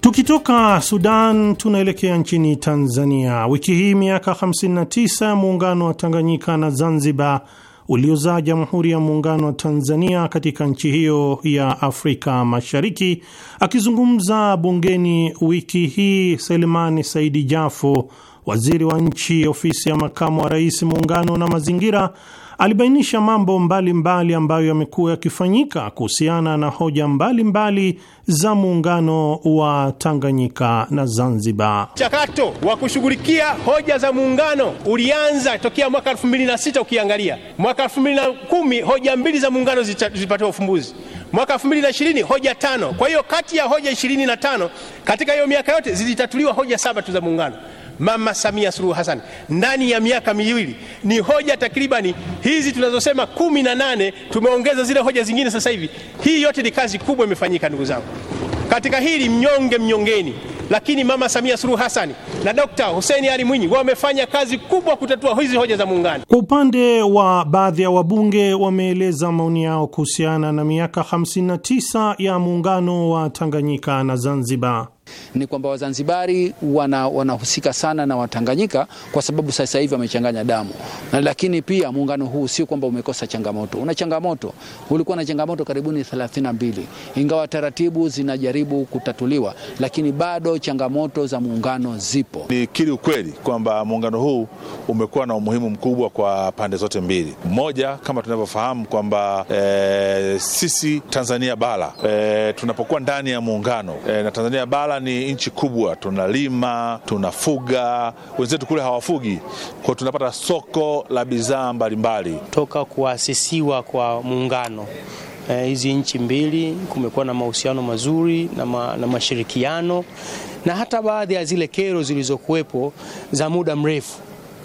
Tukitoka Sudan tunaelekea nchini Tanzania. Wiki hii miaka 59 ya muungano wa Tanganyika na Zanzibar uliozaa Jamhuri ya Muungano wa Tanzania katika nchi hiyo ya Afrika Mashariki. Akizungumza bungeni wiki hii, Selemani Saidi Jafo, waziri wa nchi ofisi ya makamu wa rais, muungano na mazingira, alibainisha mambo mbalimbali mbali ambayo yamekuwa yakifanyika kuhusiana na hoja mbalimbali mbali za muungano wa Tanganyika na Zanzibar. Mchakato wa kushughulikia hoja za muungano ulianza tokea mwaka sita. Ukiangalia mwaka kumi hoja mbili za muungano zilipatiwa ufumbuzi, mwaka ishirini hoja tano. Kwa hiyo kati ya hoja ishirini na tano katika hiyo miaka yote zilitatuliwa hoja saba tu za muungano. Mama Samia Suluhu Hassan ndani ya miaka miwili ni hoja takribani hizi tunazosema kumi na nane, tumeongeza zile hoja zingine sasa hivi. Hii yote ni kazi kubwa imefanyika, ndugu zangu, katika hili mnyonge mnyongeni lakini Mama Samia Suluhu Hassan na dokta Hussein Ali Mwinyi wamefanya kazi kubwa kutatua hizi hoja za muungano. Kwa upande wa baadhi ya wabunge, wameeleza maoni yao kuhusiana na miaka 59 ya muungano wa Tanganyika na Zanzibar ni kwamba Wazanzibari wana, wanahusika sana na Watanganyika kwa sababu sasa hivi wamechanganya damu na, lakini pia muungano huu sio kwamba umekosa changamoto, una changamoto, ulikuwa na changamoto karibuni 32 ingawa taratibu zinajaribu kutatuliwa, lakini bado changamoto za muungano zipo. Ni kili ukweli kwamba muungano huu umekuwa na umuhimu mkubwa kwa pande zote mbili. Moja, kama tunavyofahamu kwamba e, sisi Tanzania bara e, tunapokuwa ndani ya muungano e, na Tanzania bara ni nchi kubwa, tunalima, tunafuga, wenzetu kule hawafugi, kwa tunapata soko la bidhaa mbalimbali. Toka kuasisiwa kwa muungano e, hizi e, nchi mbili kumekuwa na mahusiano mazuri na, ma, na mashirikiano na hata baadhi ya zile kero zilizokuwepo za muda mrefu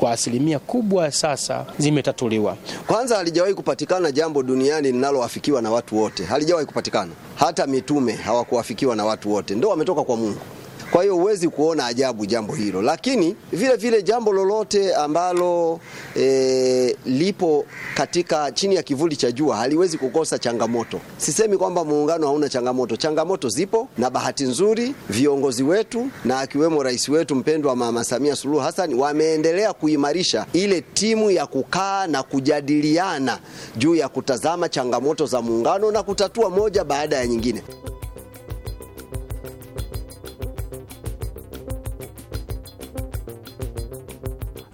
kwa asilimia kubwa sasa zimetatuliwa. Kwanza, halijawahi kupatikana jambo duniani linaloafikiwa na watu wote, halijawahi kupatikana. Hata mitume hawakuafikiwa na watu wote, ndo wametoka kwa Mungu. Kwa hiyo huwezi kuona ajabu jambo hilo, lakini vile vile jambo lolote ambalo e, lipo katika chini ya kivuli cha jua haliwezi kukosa changamoto. Sisemi kwamba muungano hauna changamoto, changamoto zipo, na bahati nzuri viongozi wetu na akiwemo rais wetu mpendwa Mama Samia Suluhu Hassan wameendelea kuimarisha ile timu ya kukaa na kujadiliana juu ya kutazama changamoto za muungano na kutatua moja baada ya nyingine.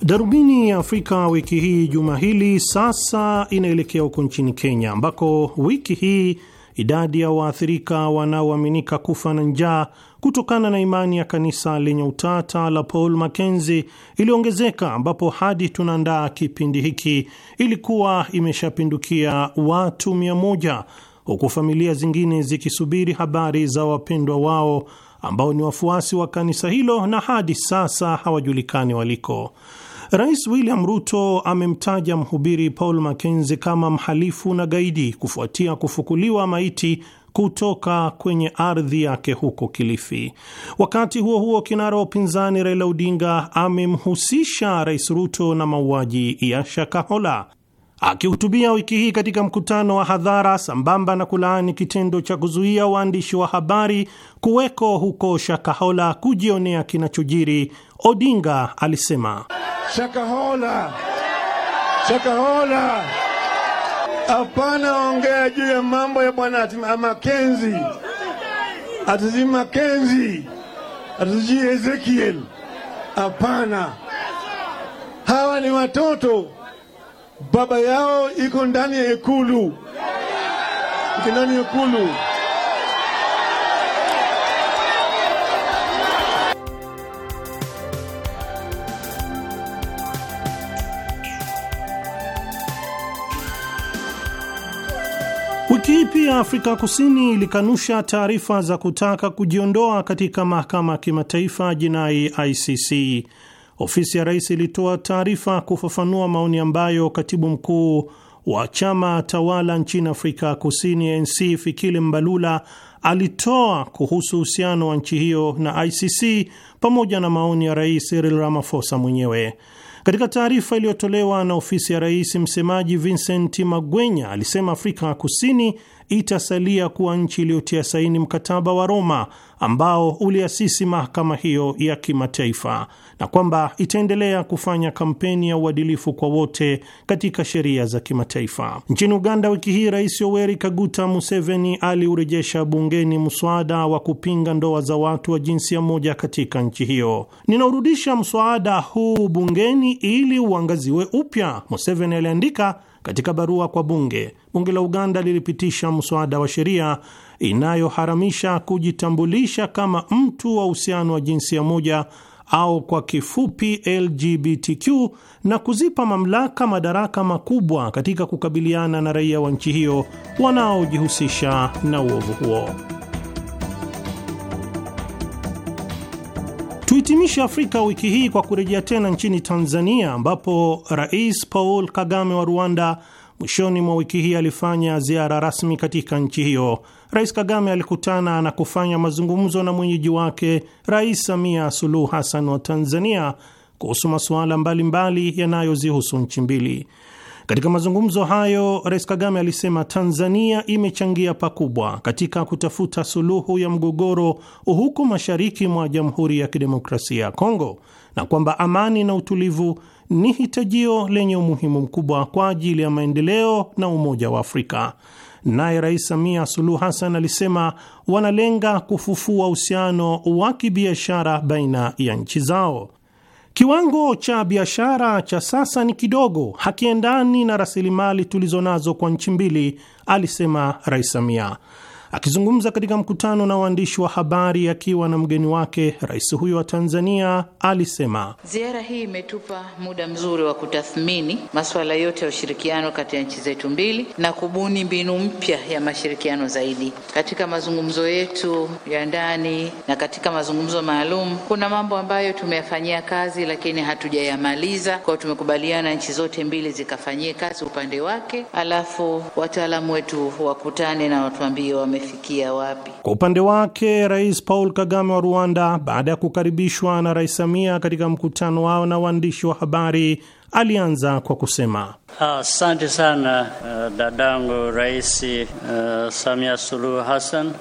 Darubini ya Afrika wiki hii juma hili sasa inaelekea huko nchini Kenya, ambako wiki hii idadi ya waathirika wanaoaminika kufa na njaa kutokana na imani ya kanisa lenye utata la Paul Mackenzie iliongezeka, ambapo hadi tunaandaa kipindi hiki ilikuwa imeshapindukia watu mia moja huku familia zingine zikisubiri habari za wapendwa wao ambao ni wafuasi wa kanisa hilo na hadi sasa hawajulikani waliko. Rais William Ruto amemtaja mhubiri Paul makenzi kama mhalifu na gaidi kufuatia kufukuliwa maiti kutoka kwenye ardhi yake huko Kilifi. Wakati huo huo, kinara wa upinzani Raila Odinga amemhusisha Rais Ruto na mauaji ya Shakahola. Akihutubia wiki hii katika mkutano wa hadhara sambamba na kulaani kitendo cha kuzuia waandishi wa habari kuweko huko Shakahola kujionea kinachojiri Odinga alisema Shakahola, Shakahola, hapana, ongea juu ya mambo ya bwana Makenzi, atuji Makenzi, atuji Ezekiel. Hapana, hawa ni watoto, baba yao iko ndani ya Ikulu, iko ndani ya Ikulu. pia Afrika Kusini ilikanusha taarifa za kutaka kujiondoa katika mahakama ya kimataifa jinai ICC. Ofisi ya rais ilitoa taarifa kufafanua maoni ambayo katibu mkuu wa chama tawala nchini Afrika Kusini ANC Fikile Mbalula alitoa kuhusu uhusiano wa nchi hiyo na ICC pamoja na maoni ya rais Cyril Ramaphosa mwenyewe. Katika taarifa iliyotolewa na ofisi ya rais, msemaji Vincent Magwenya alisema Afrika Kusini itasalia kuwa nchi iliyotia saini mkataba wa Roma ambao uliasisi mahakama hiyo ya kimataifa na kwamba itaendelea kufanya kampeni ya uadilifu kwa wote katika sheria za kimataifa. Nchini Uganda, wiki hii Rais Yoweri Kaguta Museveni aliurejesha bungeni mswada wa kupinga ndoa za watu wa jinsia moja katika nchi hiyo. Ninaurudisha mswada huu bungeni ili uangaziwe upya, Museveni aliandika katika barua kwa bunge, bunge la Uganda lilipitisha mswada wa sheria inayoharamisha kujitambulisha kama mtu wa uhusiano wa jinsia moja au kwa kifupi LGBTQ na kuzipa mamlaka madaraka makubwa katika kukabiliana na raia wa nchi hiyo wanaojihusisha na uovu huo. Tuhitimishe Afrika wiki hii kwa kurejea tena nchini Tanzania, ambapo Rais Paul Kagame wa Rwanda mwishoni mwa wiki hii alifanya ziara rasmi katika nchi hiyo. Rais Kagame alikutana na kufanya mazungumzo na mwenyeji wake Rais Samia Suluhu Hassan wa Tanzania kuhusu masuala mbalimbali yanayozihusu nchi mbili. Katika mazungumzo hayo, Rais Kagame alisema Tanzania imechangia pakubwa katika kutafuta suluhu ya mgogoro huko mashariki mwa Jamhuri ya Kidemokrasia ya Kongo na kwamba amani na utulivu ni hitajio lenye umuhimu mkubwa kwa ajili ya maendeleo na umoja wa Afrika. Naye Rais Samia Suluhu Hassan alisema wanalenga kufufua uhusiano wa kibiashara baina ya nchi zao. Kiwango cha biashara cha sasa ni kidogo, hakiendani na rasilimali tulizo nazo kwa nchi mbili, alisema Rais Samia. Akizungumza katika mkutano na waandishi wa habari akiwa na mgeni wake, rais huyo wa Tanzania alisema ziara hii imetupa muda mzuri wa kutathmini masuala yote ya ushirikiano kati ya nchi zetu mbili na kubuni mbinu mpya ya mashirikiano zaidi. Katika mazungumzo yetu ya ndani na katika mazungumzo maalum, kuna mambo ambayo tumeyafanyia kazi lakini hatujayamaliza. Kwao tumekubaliana nchi zote mbili zikafanyie kazi upande wake, alafu wataalamu wetu wakutane na watuambie wame yamefikia wapi. Kwa upande wake, Rais Paul Kagame wa Rwanda, baada ya kukaribishwa na Rais Samia katika mkutano wao na waandishi wa habari, alianza kwa kusema asante sana eh, dadangu Rais uh, Samia Suluhu Hassan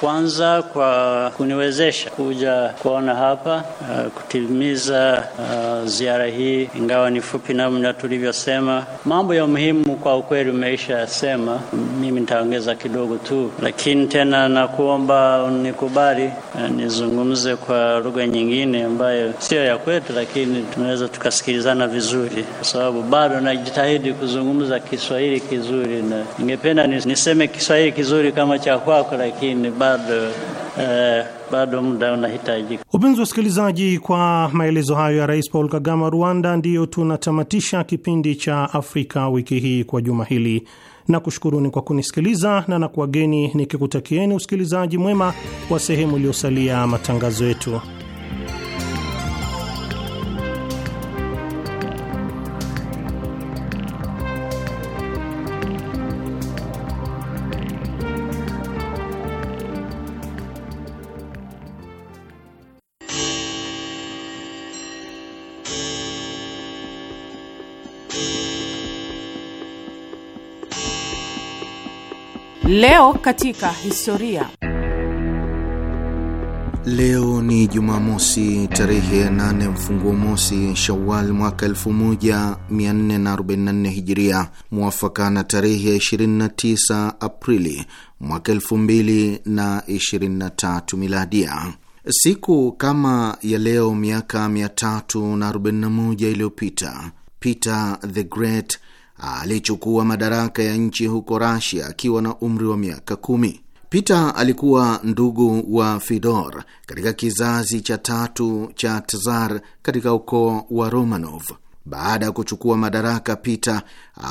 kwanza kwa kuniwezesha kuja kuona hapa uh, kutimiza uh, ziara hii, ingawa ni fupi namna tulivyosema. Mambo ya muhimu kwa ukweli umeisha sema, mimi nitaongeza kidogo tu, lakini tena nakuomba unikubali uh, nizungumze kwa lugha nyingine ambayo sio ya kwetu, lakini tunaweza tukasikilizana vizuri, kwa sababu bado najitahidi kuzungumza Kiswahili kizuri, na ningependa niseme Kiswahili kizuri kama cha kwako, lakini lakini bado eh, bado muda unahitajika. Upenzi wasikilizaji, kwa maelezo hayo ya Rais Paul Kagame Rwanda, ndiyo tunatamatisha kipindi cha Afrika wiki hii kwa juma hili na kushukuruni kwa kunisikiliza na na kuwageni nikikutakieni usikilizaji mwema wa sehemu iliyosalia matangazo yetu. Leo katika historia. Leo ni Jumamosi tarehe ya 8 mfunguo mosi Shawal mwaka 1444 Hijiria, mwafaka na tarehe ya 29 Aprili mwaka 2023 Miladia. Siku kama ya leo miaka 341 iliyopita Peter the Great alichukua madaraka ya nchi huko Rasia akiwa na umri wa miaka kumi. Peter alikuwa ndugu wa Fidor katika kizazi cha tatu cha Tsar katika ukoo wa Romanov. Baada ya kuchukua madaraka, Peter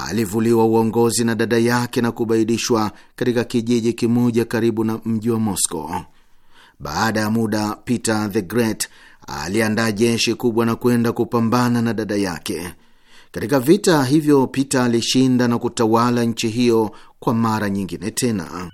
alivuliwa uongozi na dada yake na kubaidishwa katika kijiji kimoja karibu na mji wa Moscow. Baada ya muda, Peter the Great aliandaa jeshi kubwa na kwenda kupambana na dada yake. Katika vita hivyo, Peter alishinda na kutawala nchi hiyo kwa mara nyingine tena.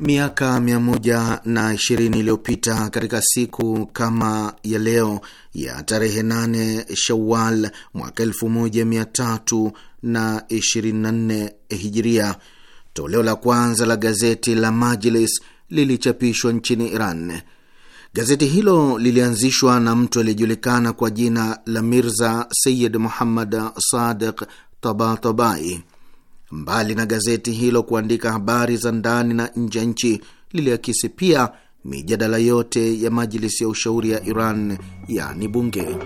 Miaka 120 iliyopita katika siku kama ya leo ya tarehe 8 Shawal mwaka 1324 Hijiria, Toleo la kwanza la gazeti la Majlis lilichapishwa nchini Iran. Gazeti hilo lilianzishwa na mtu aliyejulikana kwa jina la Mirza Sayid Muhammad Sadiq Tabatabai. Mbali na gazeti hilo kuandika habari za ndani na nje ya nchi, liliakisi pia mijadala yote ya Majlisi ya Ushauri ya Iran, yani bunge.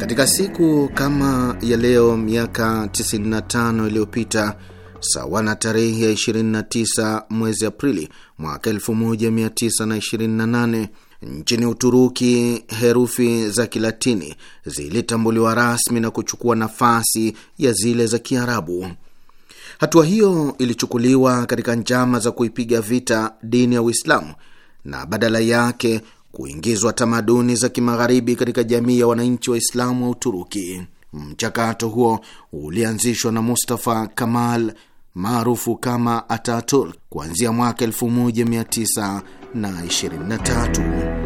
Katika siku kama ya leo miaka 95 iliyopita sawa na tarehe ya 29 mwezi Aprili mwaka 1928 nchini Uturuki herufi za Kilatini zilitambuliwa rasmi na kuchukua nafasi ya zile za Kiarabu. Hatua hiyo ilichukuliwa katika njama za kuipiga vita dini ya Uislamu na badala yake kuingizwa tamaduni za kimagharibi katika jamii ya wananchi Waislamu wa Uturuki. Mchakato huo ulianzishwa na Mustafa Kamal maarufu kama Ataturk kuanzia mwaka 1923.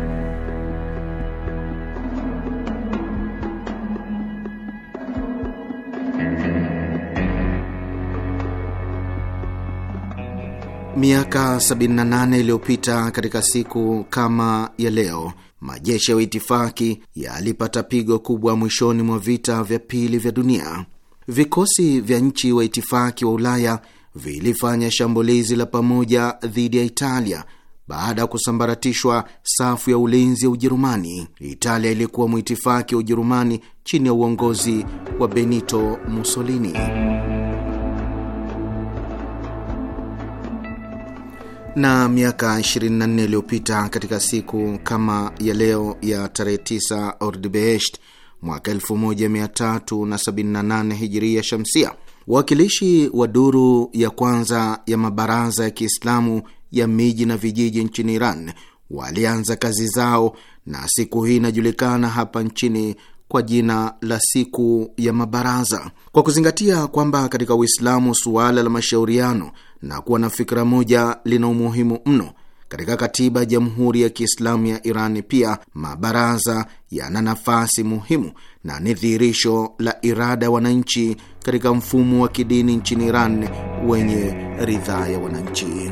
Miaka 78 iliyopita katika siku kama ya leo, majeshi ya Uitifaki yalipata pigo kubwa mwishoni mwa vita vya pili vya dunia. Vikosi vya nchi wa Itifaki wa Ulaya vilifanya shambulizi la pamoja dhidi ya Italia baada ya kusambaratishwa safu ya ulinzi ya Ujerumani. Italia ilikuwa mwitifaki wa Ujerumani chini ya uongozi wa Benito Mussolini. na miaka 24 iliyopita katika siku kama ya leo ya tarehe 9 Ordibehesht mwaka 1378 hijiria shamsia, wawakilishi wa duru ya kwanza ya mabaraza ya Kiislamu ya miji na vijiji nchini Iran walianza kazi zao, na siku hii inajulikana hapa nchini kwa jina la siku ya mabaraza, kwa kuzingatia kwamba katika Uislamu suala la mashauriano na kuwa na fikra moja lina umuhimu mno. Katika katiba ya Jamhuri ya Kiislamu ya Iran pia mabaraza yana nafasi muhimu na ni dhihirisho la irada ya wananchi katika mfumo wa kidini nchini Iran wenye ridhaa ya wananchi.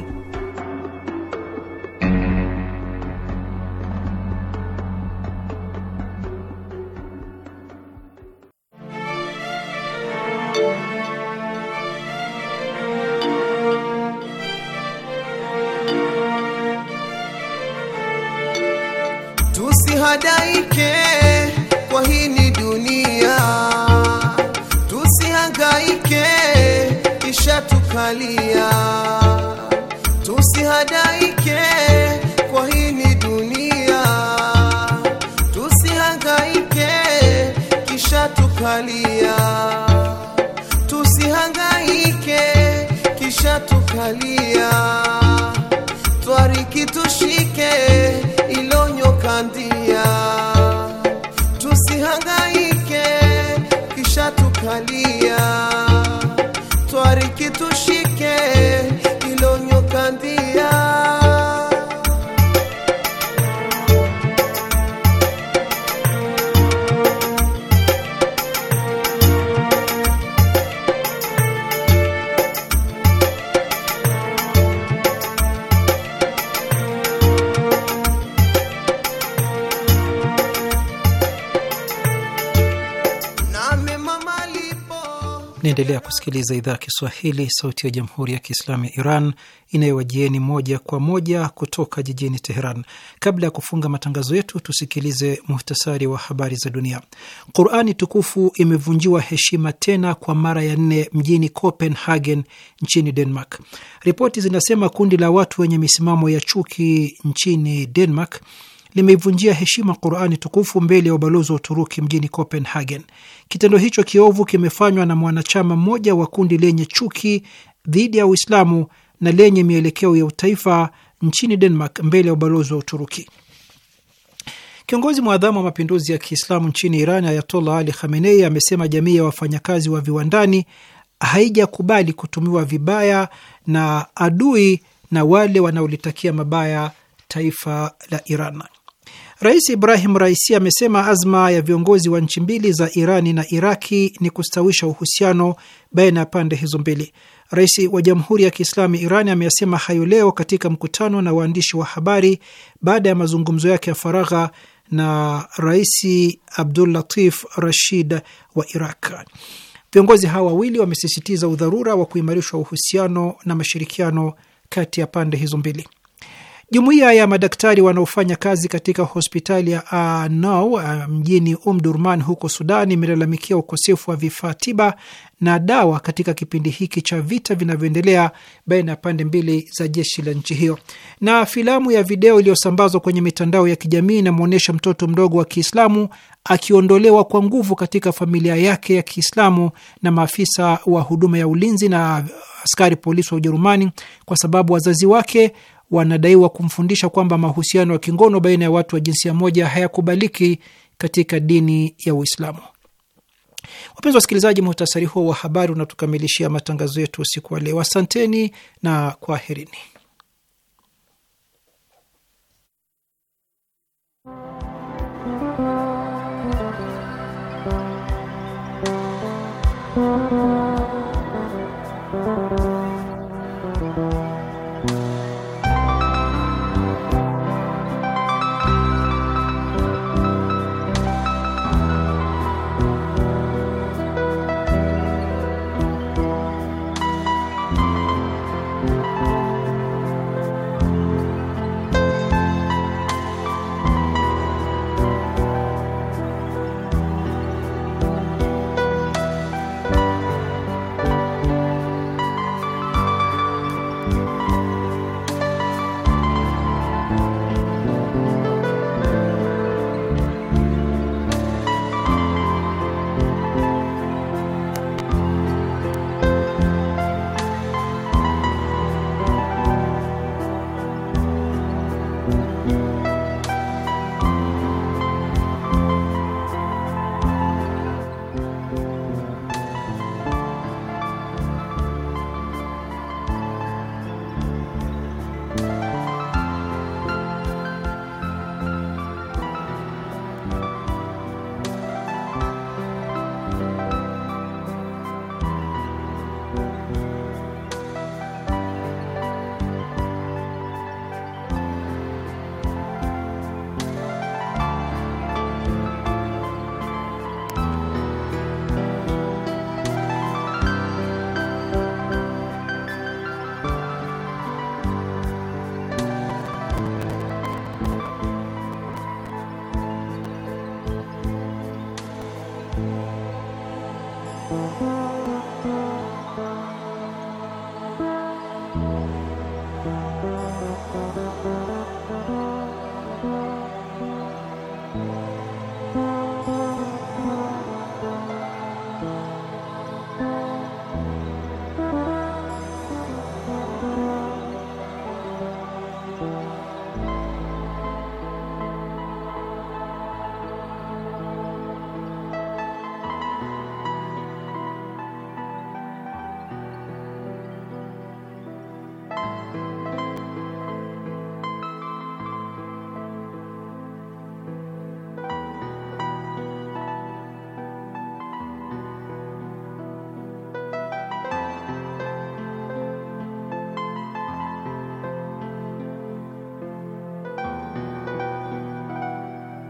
kuangalia, tusihadaike kwa hii ni dunia, tusihangaike kisha tukalia, tusihangaike kisha tukalia, twariki tushike tusihangaike kisha tukalia Mnaendelea kusikiliza idhaa ya Kiswahili, sauti ya jamhuri ya kiislamu ya Iran inayowajieni moja kwa moja kutoka jijini Teheran. Kabla ya kufunga matangazo yetu, tusikilize muhtasari wa habari za dunia. Qurani tukufu imevunjiwa heshima tena kwa mara ya nne mjini Copenhagen nchini Denmark. Ripoti zinasema kundi la watu wenye misimamo ya chuki nchini Denmark limeivunjia heshima Qurani tukufu mbele ya ubalozi wa Uturuki mjini Copenhagen. Kitendo hicho kiovu kimefanywa na mwanachama mmoja wa kundi lenye chuki dhidi ya Uislamu na lenye mielekeo ya utaifa nchini Denmark mbele ya ubalozi wa Uturuki. Kiongozi mwadhamu wa mapinduzi ya Kiislamu nchini Iran Ayatollah Ali Khamenei amesema jamii ya wafanyakazi wa viwandani haijakubali kutumiwa vibaya na adui na wale wanaolitakia mabaya taifa la Iran. Rais Ibrahim Raisi amesema azma ya viongozi wa nchi mbili za Irani na Iraki ni kustawisha uhusiano baina ya pande hizo mbili. Rais wa Jamhuri ya Kiislamu Irani ameyasema hayo leo katika mkutano na waandishi wa habari baada ya mazungumzo yake ya faragha na Rais Abdul Latif Rashid wa Iraq. Viongozi hawa wawili wamesisitiza udharura wa kuimarishwa uhusiano na mashirikiano kati ya pande hizo mbili. Jumuiya ya madaktari wanaofanya kazi katika hospitali ya Anau uh, mjini Umdurman huko Sudan imelalamikia ukosefu wa vifaa tiba na dawa katika kipindi hiki cha vita vinavyoendelea baina ya pande mbili za jeshi la nchi hiyo. Na filamu ya video iliyosambazwa kwenye mitandao ya kijamii inamwonyesha mtoto mdogo wa Kiislamu akiondolewa kwa nguvu katika familia yake ya Kiislamu na maafisa wa huduma ya ulinzi na askari polisi wa Ujerumani kwa sababu wazazi wake wanadaiwa kumfundisha kwamba mahusiano ya kingono baina ya watu wa jinsia moja hayakubaliki katika dini ya Uislamu. Wapenzi wasikilizaji, muhtasari huo wa habari unatukamilishia matangazo yetu usiku wa leo. Asanteni na kwaherini.